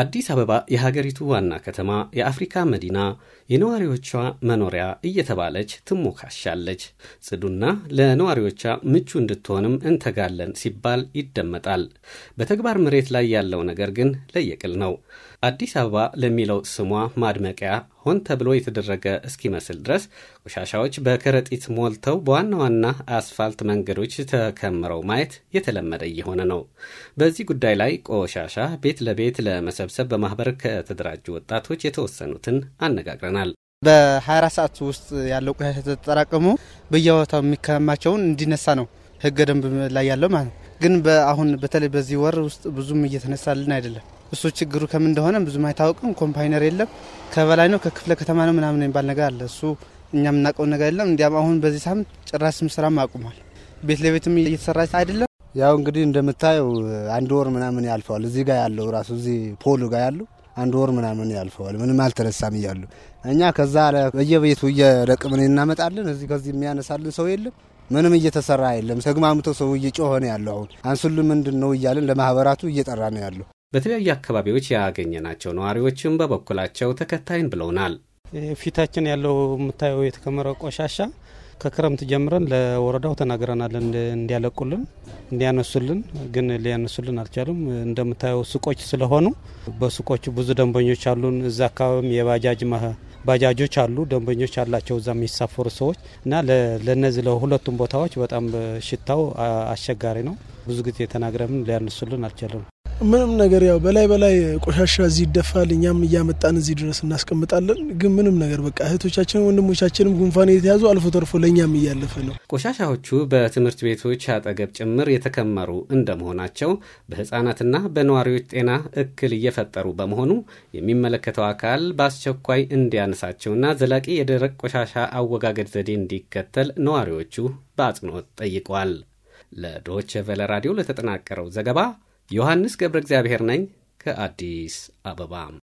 አዲስ አበባ የሀገሪቱ ዋና ከተማ፣ የአፍሪካ መዲና፣ የነዋሪዎቿ መኖሪያ እየተባለች ትሞካሻለች። ጽዱና ለነዋሪዎቿ ምቹ እንድትሆንም እንተጋለን ሲባል ይደመጣል። በተግባር መሬት ላይ ያለው ነገር ግን ለየቅል ነው። አዲስ አበባ ለሚለው ስሟ ማድመቂያ ሆን ተብሎ የተደረገ እስኪመስል ድረስ ቆሻሻዎች በከረጢት ሞልተው በዋና ዋና አስፋልት መንገዶች ተከምረው ማየት የተለመደ እየሆነ ነው። በዚህ ጉዳይ ላይ ቆሻሻ ቤት ለቤት ለመሰብሰብ በማህበር ከተደራጁ ወጣቶች የተወሰኑትን አነጋግረናል። በ24 ሰዓት ውስጥ ያለው ቆሻሻ ተጠራቅሞ በየቦታው የሚከማቸውን እንዲነሳ ነው ህገ ደንብ ላይ ያለው ማለት ነው። ግን አሁን በተለይ በዚህ ወር ውስጥ ብዙም እየተነሳልን አይደለም። እሱ ችግሩ ከምን እንደሆነ ብዙም አይታወቅም። ኮምፓይነር የለም። ከበላይ ነው ከክፍለ ከተማ ነው ምናምን የሚባል ነገር አለ። እሱ እኛ የምናውቀው ነገር የለም። እንዲያም አሁን በዚህ ሳምንት ጭራሽም ስራም አቁሟል። ቤት ለቤትም እየተሰራ አይደለም። ያው እንግዲህ እንደምታየው አንድ ወር ምናምን ያልፈዋል። እዚህ ጋር ያለው ራሱ እዚህ ፖሉ ጋር ያለው አንድ ወር ምናምን ያልፈዋል። ምንም አልተነሳም እያሉ እኛ ከዛ በየቤቱ እየረቅምን እናመጣለን። እዚህ ከዚህ የሚያነሳልን ሰው የለም። ምንም እየተሰራ የለም። ተግማምቶ ሰው እየጮኸ ነው ያለው። አሁን አንሱልን ምንድን ነው እያለን ለማህበራቱ እየጠራ ነው ያለው። በተለያዩ አካባቢዎች ያገኘናቸው ነዋሪዎችም በበኩላቸው ተከታይን ብለውናል። ፊታችን ያለው የምታየው የተከመረ ቆሻሻ ከክረምት ጀምረን ለወረዳው ተናግረናል፣ እንዲያለቁልን፣ እንዲያነሱልን ግን ሊያነሱልን አልቻሉም። እንደምታየው ሱቆች ስለሆኑ በሱቆቹ ብዙ ደንበኞች አሉን። እዛ አካባቢም የባጃጅ ባጃጆች አሉ፣ ደንበኞች አላቸው እዛ የሚሳፈሩ ሰዎች እና ለነዚህ ለሁለቱም ቦታዎች በጣም ሽታው አስቸጋሪ ነው። ብዙ ጊዜ ተናግረምን ሊያነሱልን አልቻሉም። ምንም ነገር ያው በላይ በላይ ቆሻሻ እዚህ ይደፋል። እኛም እያመጣን እዚህ ድረስ እናስቀምጣለን። ግን ምንም ነገር በቃ እህቶቻችን ወንድሞቻችንም ጉንፋን የተያዙ አልፎ ተርፎ ለእኛም እያለፈ ነው። ቆሻሻዎቹ በትምህርት ቤቶች አጠገብ ጭምር የተከመሩ እንደመሆናቸው በህፃናትና በነዋሪዎች ጤና እክል እየፈጠሩ በመሆኑ የሚመለከተው አካል በአስቸኳይ እንዲያነሳቸውና ዘላቂ የደረቅ ቆሻሻ አወጋገድ ዘዴ እንዲከተል ነዋሪዎቹ በአጽንኦት ጠይቋል። ለዶቼ ቬለ ራዲዮ ለተጠናቀረው ዘገባ ዮሐንስ ገብረ እግዚአብሔር ነኝ ከአዲስ አበባ